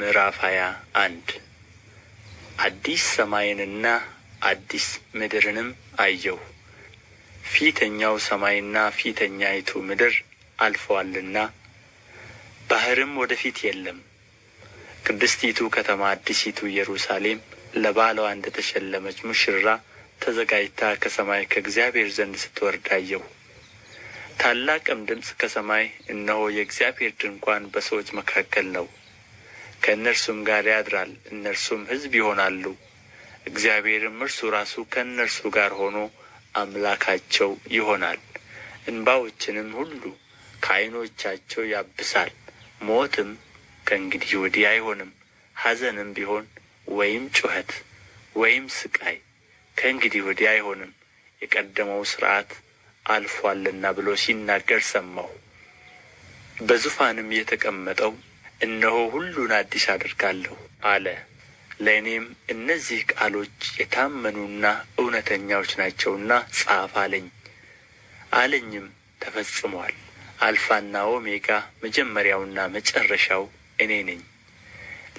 ምዕራፍ ሃያ አንድ አዲስ ሰማይንና አዲስ ምድርንም አየሁ፣ ፊተኛው ሰማይና ፊተኛይቱ ምድር አልፈዋልና ባሕርም ወደፊት የለም። ቅድስቲቱ ከተማ አዲሲቱ ኢየሩሳሌም ለባሏ እንደ ተሸለመች ሙሽራ ተዘጋጅታ ከሰማይ ከእግዚአብሔር ዘንድ ስትወርድ አየሁ። ታላቅም ድምፅ ከሰማይ እነሆ የእግዚአብሔር ድንኳን በሰዎች መካከል ነው ከእነርሱም ጋር ያድራል፣ እነርሱም ሕዝብ ይሆናሉ። እግዚአብሔርም እርሱ ራሱ ከእነርሱ ጋር ሆኖ አምላካቸው ይሆናል። እንባዎችንም ሁሉ ከዓይኖቻቸው ያብሳል። ሞትም ከእንግዲህ ወዲህ አይሆንም፣ ሐዘንም ቢሆን ወይም ጩኸት ወይም ስቃይ ከእንግዲህ ወዲህ አይሆንም፣ የቀደመው ሥርዓት አልፎአልና ብሎ ሲናገር ሰማሁ። በዙፋንም የተቀመጠው እነሆ ሁሉን አዲስ አደርጋለሁ አለ ለእኔም እነዚህ ቃሎች የታመኑና እውነተኛዎች ናቸውና ጻፍ አለኝ አለኝም ተፈጽሟል። አልፋና ኦሜጋ መጀመሪያውና መጨረሻው እኔ ነኝ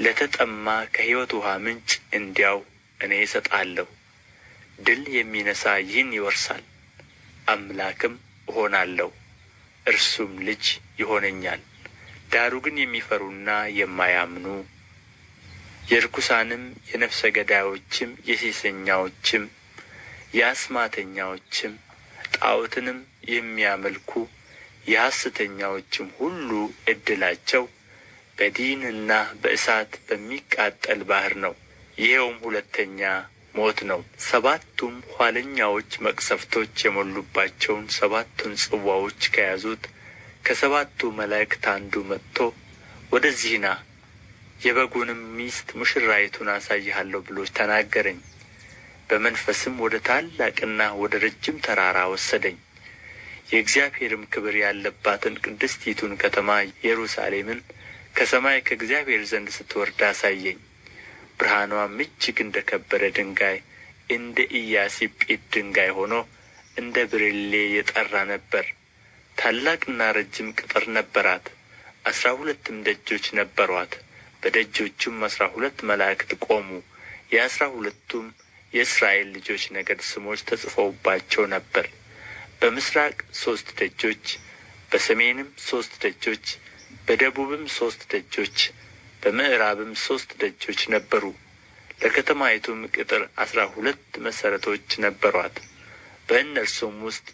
ለተጠማ ከሕይወት ውሃ ምንጭ እንዲያው እኔ እሰጣለሁ ድል የሚነሳ ይህን ይወርሳል አምላክም እሆናለሁ እርሱም ልጅ ይሆነኛል ዳሩ ግን የሚፈሩና የማያምኑ የርኩሳንም የነፍሰ ገዳዮችም የሴሰኛዎችም የአስማተኛዎችም ጣዖትንም የሚያመልኩ የሐሰተኛዎችም ሁሉ እድላቸው በዲንና በእሳት በሚቃጠል ባህር ነው። ይኸውም ሁለተኛ ሞት ነው። ሰባቱም ኋለኛዎች መቅሰፍቶች የሞሉባቸውን ሰባቱን ጽዋዎች ከያዙት ከሰባቱ መላእክት አንዱ መጥቶ ወደዚህ ና የበጉንም ሚስት ሙሽራይቱን አሳይሃለሁ ብሎ ተናገረኝ። በመንፈስም ወደ ታላቅና ወደ ረጅም ተራራ ወሰደኝ። የእግዚአብሔርም ክብር ያለባትን ቅድስቲቱን ከተማ ኢየሩሳሌምን ከሰማይ ከእግዚአብሔር ዘንድ ስትወርድ አሳየኝ። ብርሃኗም እጅግ እንደ ከበረ ድንጋይ እንደ ኢያሲጲድ ድንጋይ ሆኖ እንደ ብርሌ የጠራ ነበር። ታላቅና ረጅም ቅጥር ነበራት፣ አስራ ሁለትም ደጆች ነበሯት። በደጆቹም አስራ ሁለት መላእክት ቆሙ። የአስራ ሁለቱም የእስራኤል ልጆች ነገድ ስሞች ተጽፈውባቸው ነበር። በምስራቅ ሦስት ደጆች፣ በሰሜንም ሦስት ደጆች፣ በደቡብም ሦስት ደጆች፣ በምዕራብም ሦስት ደጆች ነበሩ። ለከተማይቱም ቅጥር አስራ ሁለት መሠረቶች ነበሯት። በእነርሱም ውስጥ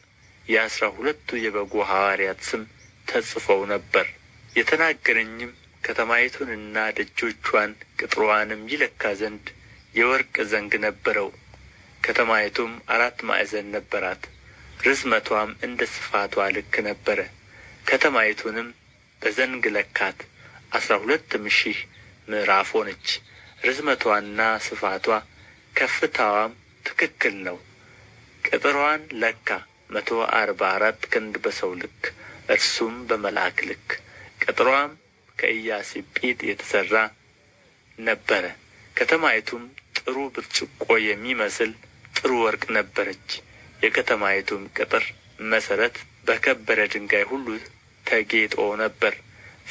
የአስራ ሁለቱ የበጉ ሐዋርያት ስም ተጽፈው ነበር። የተናገረኝም ከተማይቱንና ደጆቿን ቅጥሯንም ይለካ ዘንድ የወርቅ ዘንግ ነበረው። ከተማይቱም አራት ማዕዘን ነበራት። ርዝመቷም እንደ ስፋቷ ልክ ነበረ። ከተማይቱንም በዘንግ ለካት። አስራ ሁለትም ሺህ ምዕራፍ ሆነች። ርዝመቷና ስፋቷ ከፍታዋም ትክክል ነው። ቅጥሯን ለካ መቶ አርባ አራት ክንድ በሰው ልክ እርሱም በመልአክ ልክ ቅጥሯም ከኢያሰጲድ የተሠራ ነበረ። ከተማይቱም ጥሩ ብርጭቆ የሚመስል ጥሩ ወርቅ ነበረች። የከተማይቱም ቅጥር መሠረት በከበረ ድንጋይ ሁሉ ተጌጦ ነበር።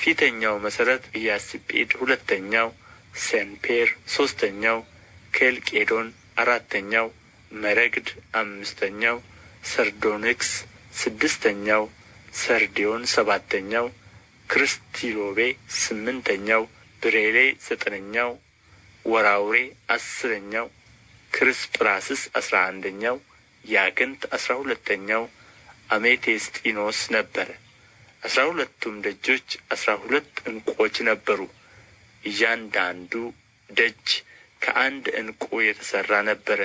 ፊተኛው መሠረት ኢያሰጲድ፣ ሁለተኛው ሴንፔር፣ ሦስተኛው ኬልቄዶን፣ አራተኛው መረግድ፣ አምስተኛው ሰርዶኒክስ ስድስተኛው ሰርዲዮን ሰባተኛው ክርስቲሎቤ ስምንተኛው ብሬሌ ዘጠነኛው ወራውሬ አስረኛው ክርስጵራስስ አስራ አንደኛው ያክንት አስራ ሁለተኛው አሜቴስጢኖስ ነበረ። አስራ ሁለቱም ደጆች አስራ ሁለት ዕንቆች ነበሩ። እያንዳንዱ ደጅ ከአንድ እንቁ የተሠራ ነበረ።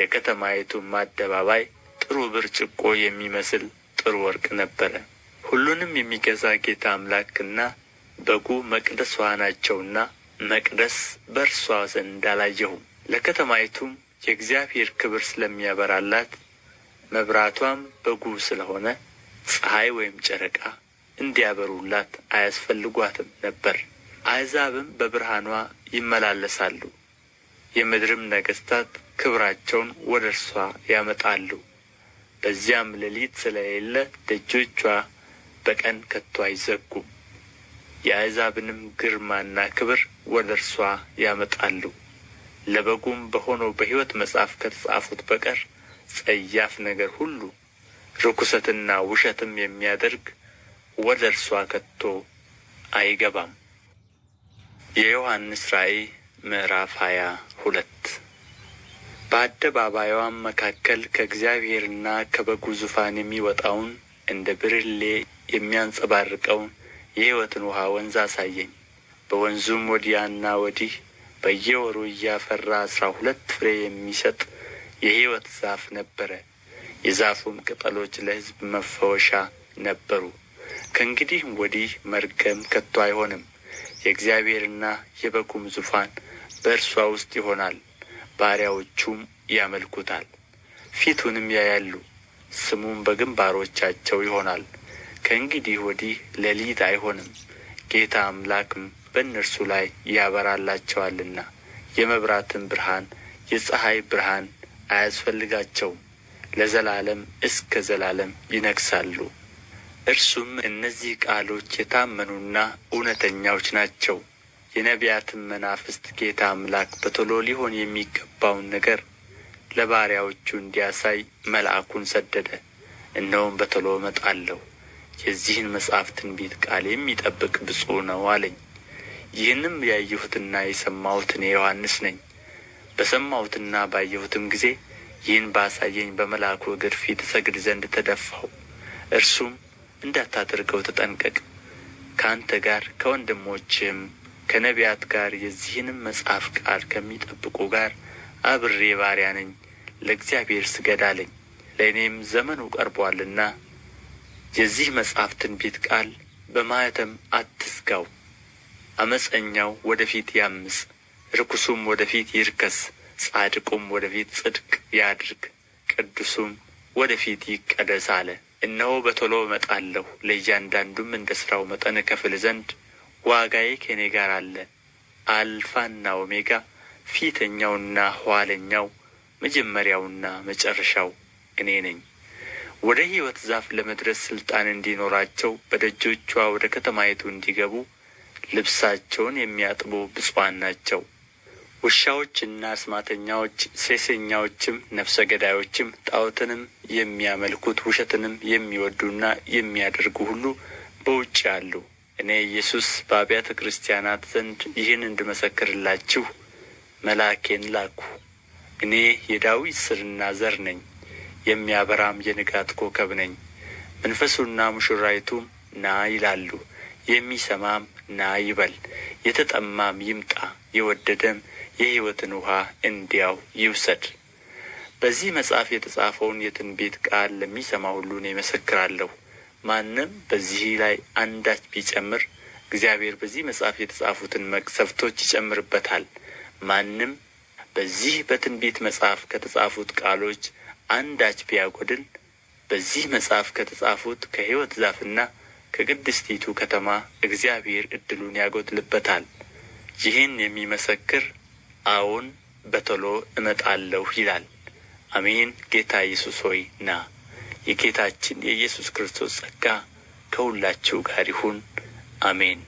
የከተማይቱም አደባባይ ጥሩ ብርጭቆ የሚመስል ጥሩ ወርቅ ነበረ። ሁሉንም የሚገዛ ጌታ አምላክና በጉ መቅደሷ ናቸውና መቅደስ በእርሷ ዘንድ አላየሁም። ለከተማይቱም የእግዚአብሔር ክብር ስለሚያበራላት መብራቷም በጉ ስለሆነ ፀሐይ ወይም ጨረቃ እንዲያበሩላት አያስፈልጓትም ነበር። አሕዛብም በብርሃኗ ይመላለሳሉ፣ የምድርም ነገሥታት ክብራቸውን ወደ እርሷ ያመጣሉ። በዚያም ሌሊት ስለሌለ ደጆቿ በቀን ከቶ አይዘጉም። የአሕዛብንም ግርማና ክብር ወደ እርሷ ያመጣሉ። ለበጉም በሆነው በሕይወት መጽሐፍ ከተጻፉት በቀር ጸያፍ ነገር ሁሉ ርኩሰትና ውሸትም የሚያደርግ ወደ እርሷ ከቶ አይገባም። የዮሐንስ ራእይ ምዕራፍ ሃያ ሁለት በአደባባይዋም መካከል ከእግዚአብሔርና ከበጉ ዙፋን የሚወጣውን እንደ ብርሌ የሚያንጸባርቀውን የሕይወትን ውሃ ወንዝ አሳየኝ። በወንዙም ወዲያና ወዲህ በየወሩ እያፈራ አስራ ሁለት ፍሬ የሚሰጥ የሕይወት ዛፍ ነበረ። የዛፉም ቅጠሎች ለሕዝብ መፈወሻ ነበሩ። ከእንግዲህም ወዲህ መርገም ከቶ አይሆንም። የእግዚአብሔርና የበጉም ዙፋን በእርሷ ውስጥ ይሆናል። ባሪያዎቹም ያመልኩታል ፊቱንም ያያሉ ስሙም በግንባሮቻቸው ይሆናል ከእንግዲህ ወዲህ ሌሊት አይሆንም ጌታ አምላክም በእነርሱ ላይ ያበራላቸዋልና የመብራትን ብርሃን የፀሐይ ብርሃን አያስፈልጋቸውም ለዘላለም እስከ ዘላለም ይነግሣሉ እርሱም እነዚህ ቃሎች የታመኑና እውነተኛዎች ናቸው የነቢያትም መናፍስት ጌታ አምላክ በቶሎ ሊሆን የሚገባውን ነገር ለባሪያዎቹ እንዲያሳይ መልአኩን ሰደደ። እነሆም በቶሎ እመጣለሁ፣ የዚህን መጽሐፍ ትንቢት ቃል የሚጠብቅ ብፁዕ ነው አለኝ። ይህንም ያየሁትና የሰማሁት እኔ ዮሐንስ ነኝ። በሰማሁትና ባየሁትም ጊዜ ይህን ባሳየኝ በመልአኩ እግር ፊት እሰግድ ዘንድ ተደፋሁ። እርሱም እንዳታደርገው ተጠንቀቅ፣ ከአንተ ጋር ከወንድሞችህም ከነቢያት ጋር የዚህንም መጽሐፍ ቃል ከሚጠብቁ ጋር አብሬ ባሪያ ነኝ፣ ለእግዚአብሔር ስገድ አለኝ። ለእኔም ዘመኑ ቀርቧልና የዚህ መጽሐፍ ትንቢት ቃል በማኅተም አትዝጋው። ዓመፀኛው ወደ ፊት ያምፅ፣ ርኩሱም ወደ ፊት ይርከስ፣ ጻድቁም ወደ ፊት ጽድቅ ያድርግ፣ ቅዱሱም ወደ ፊት ይቀደስ አለ። እነሆ በቶሎ እመጣለሁ፣ ለእያንዳንዱም እንደ ሥራው መጠን እከፍል ዘንድ ዋጋዬ ከእኔ ጋር አለ አልፋና ኦሜጋ ፊተኛውና ኋለኛው መጀመሪያውና መጨረሻው እኔ ነኝ። ወደ ሕይወት ዛፍ ለመድረስ ሥልጣን እንዲኖራቸው በደጆቿ ወደ ከተማይቱ እንዲገቡ ልብሳቸውን የሚያጥቡ ብፁዓን ናቸው። ውሻዎችና አስማተኛዎች፣ ሴሰኛዎችም፣ ነፍሰ ገዳዮችም፣ ጣዖትንም የሚያመልኩት ውሸትንም የሚወዱና የሚያደርጉ ሁሉ በውጭ አሉ። እኔ ኢየሱስ በአብያተ ክርስቲያናት ዘንድ ይህን እንድመሰክርላችሁ መልአኬን ላኩ! እኔ የዳዊት ስርና ዘር ነኝ፣ የሚያበራም የንጋት ኮከብ ነኝ። መንፈሱና ሙሽራይቱም ና ይላሉ። የሚሰማም ና ይበል። የተጠማም ይምጣ፣ የወደደም የሕይወትን ውኃ እንዲያው ይውሰድ። በዚህ መጽሐፍ የተጻፈውን የትንቢት ቃል ለሚሰማ ሁሉ እኔ እመሰክራለሁ። ማንም በዚህ ላይ አንዳች ቢጨምር እግዚአብሔር በዚህ መጽሐፍ የተጻፉትን መቅሰፍቶች ይጨምርበታል። ማንም በዚህ በትንቢት መጽሐፍ ከተጻፉት ቃሎች አንዳች ቢያጎድል በዚህ መጽሐፍ ከተጻፉት ከሕይወት ዛፍና ከቅድስቲቱ ከተማ እግዚአብሔር እድሉን ያጎድልበታል። ይህን የሚመሰክር አዎን በቶሎ እመጣለሁ ይላል። አሜን። ጌታ ኢየሱስ ሆይ ና። የጌታችን የኢየሱስ ክርስቶስ ጸጋ ከሁላችሁ ጋር ይሁን አሜን።